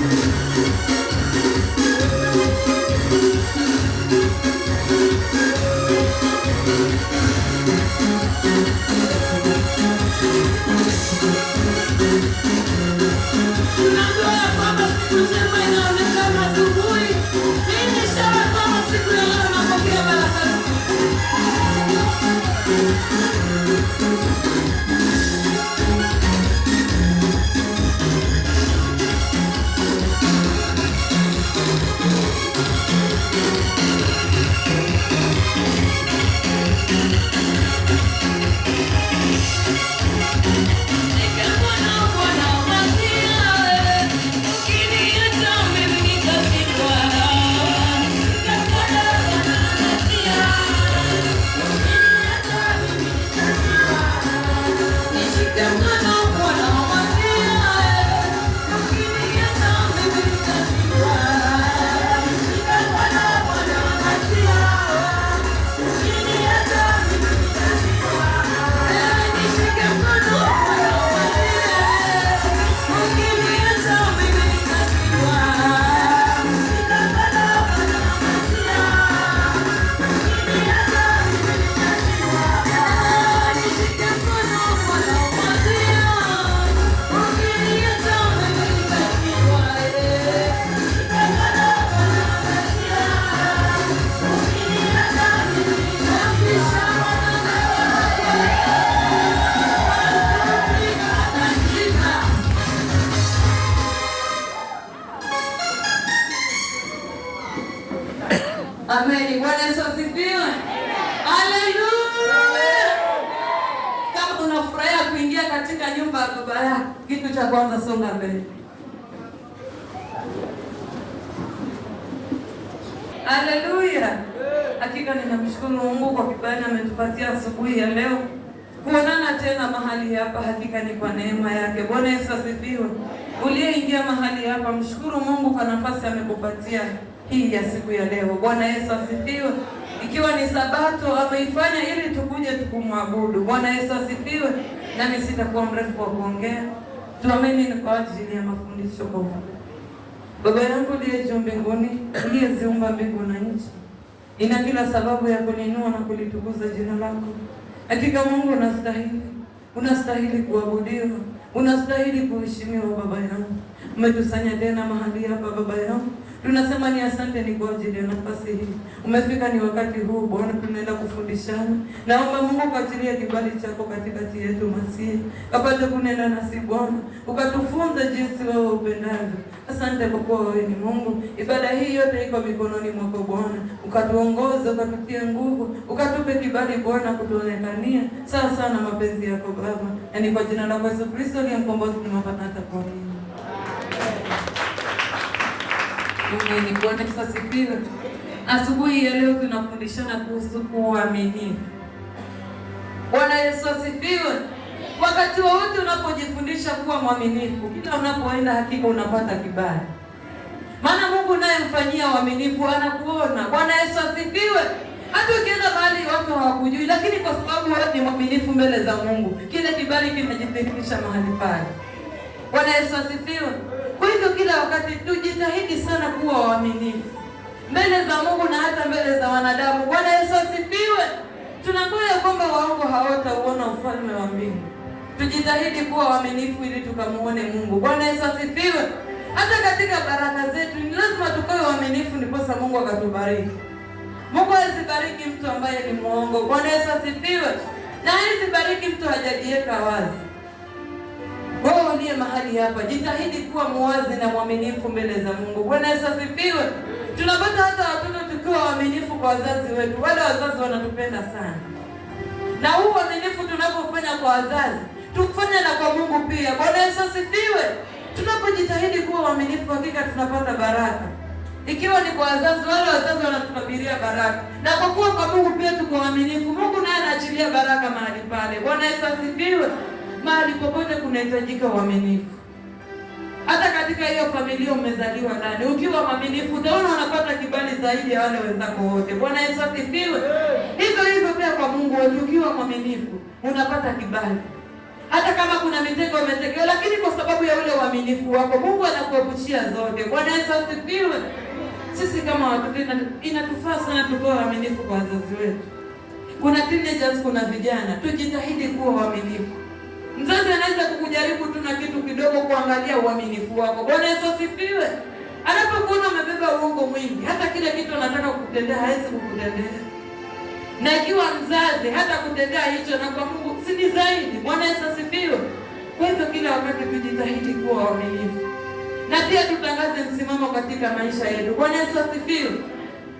Música baba yako, kitu cha kwanza, songa mbele. Haleluya! Hakika ninamshukuru Mungu kwa kibali ametupatia asubuhi ya leo kuonana tena mahali hapa, hakika ni kwa neema yake. Bwana Yesu asifiwe. Uliyeingia mahali hapa, mshukuru Mungu kwa nafasi amekupatia hii ya siku ya leo. Bwana Yesu asifiwe. Ikiwa ni Sabato ameifanya ili tukuje tukumwabudu. Bwana Yesu asifiwe nami sitakuwa mrefu wa kuongea. Tuamini ni kwa ajili ya mafundisho kwa ufupi. Baba yangu uliye juu mbinguni, uliyeziumba mbingu na nchi, ina kila sababu ya kuninua na kulitukuza jina lako. Hakika Mungu unastahili, unastahili kuabudiwa, unastahili kuheshimiwa. Baba yangu, umetusanya tena mahali hapa, baba yangu Tunasema ni asante ni kwa ajili ya nafasi hii. Umefika ni wakati huu Bwana, tunaenda kufundishana. Naomba Mungu kwa ya kibali chako katikati yetu Masihi, kapate kunena nasi Bwana, ukatufunza jinsi wewe upendavyo. Asante kwa kuwa wewe ni Mungu. Ibada hii yote iko mikononi mwako Bwana, ukatuongoza ukatutie nguvu, ukatupe kibali Bwana, kutuonekania sawa sana mapenzi yako Baba, yaani kwa jina kwa Yesu Kristo ni mkombozi tunaomba hata kuamini. Mungu Bwana asifiwe. Asubuhi ya leo tunafundishana kuhusu uaminifu. Bwana Yesu asifiwe. Wakati wowote unapojifundisha kuwa mwaminifu, kila unapoenda hakika unapata kibali, maana Mungu unayemfanyia uaminifu anakuona. Bwana Yesu asifiwe. Hata ukienda mahali watu hawakujui, lakini kwa sababu wewe ni mwaminifu mbele za Mungu, kile kibali kinajidhihirisha mahali pale. Bwana Yesu asifiwe. Kwa hivyo kila wakati tujitahidi sana kuwa waaminifu mbele za Mungu na hata mbele za wanadamu. Bwana Yesu asifiwe. Tunangoja kwamba waongo hawatauona ufalme wa mbingu. Tujitahidi kuwa waaminifu ili tukamuone Mungu. Bwana Yesu asifiwe. Hata katika baraka zetu ni lazima tukawe waaminifu, ndiposa Mungu akatubariki. Mungu hawezi bariki mtu ambaye ni mwongo. Bwana Yesu asifiwe, na hawezi bariki mtu hajajiweka wazi wewe uliye mahali hapa, jitahidi kuwa muwazi na mwaminifu mbele za Mungu. Bwana Yesu asifiwe. Tunapata hata watoto tukiwa waaminifu kwa wazazi wetu, wale wazazi wanatupenda sana, na huu uaminifu tunapofanya kwa wazazi tukufanya na kwa Mungu pia. Bwana Yesu asifiwe. Tunapojitahidi kuwa waaminifu, hakika tunapata baraka, ikiwa ni kwa wazazi, wale wazazi wanatutabiria baraka, na kwa kuwa kwa Mungu pia tuko waaminifu, Mungu naye anaachilia baraka mahali pale. Bwana Yesu asifiwe mahali popote kunahitajika uaminifu. Hata katika hiyo familia umezaliwa ndani, ukiwa mwaminifu utaona unapata kibali zaidi ya wale wenzako wote. Bwana Yesu asifiwe. Hivyo hivyo pia kwa Mungu wetu, ukiwa mwaminifu unapata kibali hata kama kuna mitego umetegewa, lakini kwa sababu ya ule uaminifu wako Mungu anakuepushia zote. Bwana Yesu asifiwe. Sisi kama watoto inatufaa sana tukuwa waaminifu kwa wazazi wetu. Kuna teenagers, kuna vijana, tujitahidi kuwa waaminifu. Mzazi anaweza kukujaribu tu na kitu kidogo, kuangalia uaminifu wako. Bwana Yesu asifiwe. Anapokuona umebeba uongo mwingi, hata kile kitu anataka kukutendea hawezi kukutendea. Na ikiwa mzazi hata kutendea hicho, na kwa Mungu si ni zaidi. Bwana Yesu asifiwe. Kwa hivyo kila wakati tujitahidi kuwa waaminifu na pia tutangaze msimamo katika maisha yetu. Bwana Yesu asifiwe.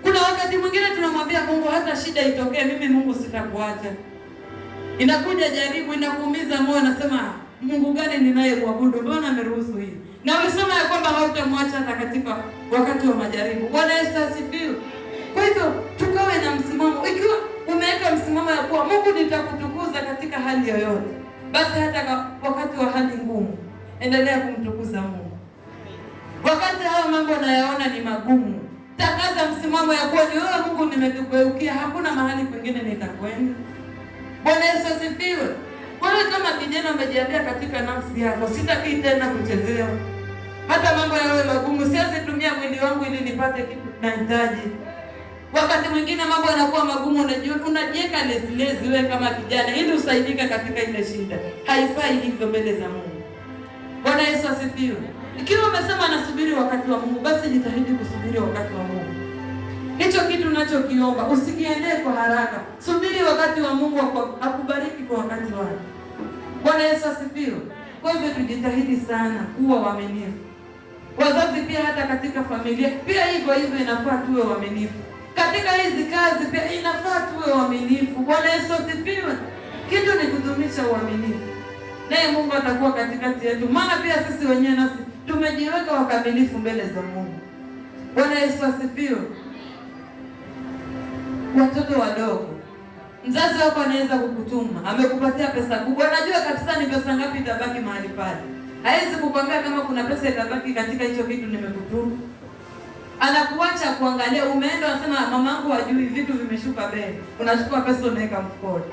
Kuna wakati mwingine tunamwambia Mungu, hata shida itokee, mimi Mungu sitakuacha. Inakuja jaribu, inakuumiza moyo, nasema Mungu gani ninayemwabudu? Mbona ameruhusu hii? Na ulisema ya kwamba hautamwacha hata katika wakati wa majaribu. Bwana Yesu asifiwe. Kwa hivyo tukawe na msimamo. Ikiwa umeweka msimamo ya kuwa Mungu nitakutukuza katika hali yoyote, basi hata wakati wa hali ngumu endelea kumtukuza Mungu. Wakati haya mambo nayaona ni magumu, takaza msimamo ya kuwa ni wewe Mungu nimekugeukia, hakuna mahali pengine nitakwenda. Bwana Yesu asifiwe. Kwa hiyo kama kijana umejiambia katika nafsi yako, sitaki tena kuchezewa, hata mambo yawe magumu, siwezi tumia mwili wangu ili nipate kitu nahitaji. Wakati mwingine mambo yanakuwa magumu, unajieka lezilezi wewe kama kijana ili usaidike katika ile shida. Haifai hivyo mbele za Mungu. Bwana Yesu asifiwe. Ikiwa umesema nasubiri wakati wa Mungu, basi jitahidi kusubiri wakati wa Mungu. Hicho kitu unachokiomba usikiendee kwa haraka, subiri wakati wa Mungu akubariki kwa wakati wake. Bwana Yesu asifiwe. Kwa hivyo tujitahidi sana kuwa waaminifu. Wazazi pia, hata katika familia pia hivyo hivyo, inafaa tuwe waaminifu katika hizi kazi, pia inafaa tuwe waaminifu. Bwana Yesu asifiwe. Kitu ni kudumisha uaminifu, naye Mungu atakuwa katikati yetu, maana pia sisi wenyewe nasi tumejiweka wakamilifu mbele za Mungu. Bwana Yesu asifiwe watoto wadogo. Mzazi wako anaweza kukutuma, amekupatia pesa kubwa, anajua kabisa ni pesa ngapi itabaki mahali pale. Hawezi kukwambia kama kuna pesa itabaki katika hicho kitu nimekutuma. Anakuacha kuangalia, umeenda unasema yangu hajui, vitu vimeshuka bei, unachukua pesa unaweka mfukoni.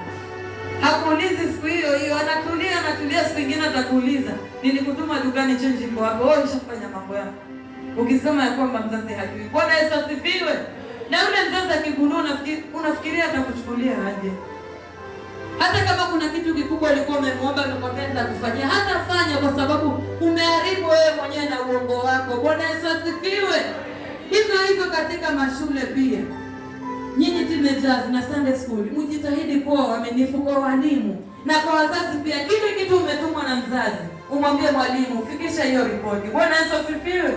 Hakuulizi siku hiyo hiyo, anatulia anatulia. Siku ingine atakuuliza nilikutuma dukani, chenji kwako, hapo, oh, wewe ushafanya mambo yako, ukisema ya kwamba mzazi hajui. Bwana Yesu asifiwe na yule mzazi akigundua, unafikiria atakuchukulia aje? Hata kama kuna kitu kikubwa alikuwa amemwomba amekwambia nitakufanyia, hata fanya, kwa sababu umeharibu wewe mwenyewe na uongo wako. Bwana Yesu asifiwe. Hivyo hivyo katika mashule pia, nyinyi teenagers na Sunday school, mjitahidi kuwa waaminifu kwa walimu na kwa wazazi pia. Kile kitu umetumwa na mzazi, umwambie mwalimu, fikisha hiyo ripoti. Bwana Yesu asifiwe.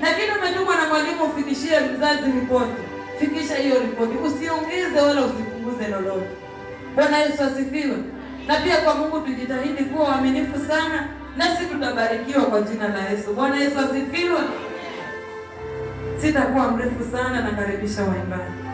Na kile umetumwa na mwalimu, ufikishie mzazi ripoti fikisha hiyo ripoti, usiongeze wala usipunguze lolote. Bwana Yesu asifiwe. Na pia kwa Mungu tujitahidi kuwa waaminifu sana, nasi tutabarikiwa kwa jina la Yesu. Bwana Yesu asifiwe. Sitakuwa mrefu sana, nakaribisha waimbaji.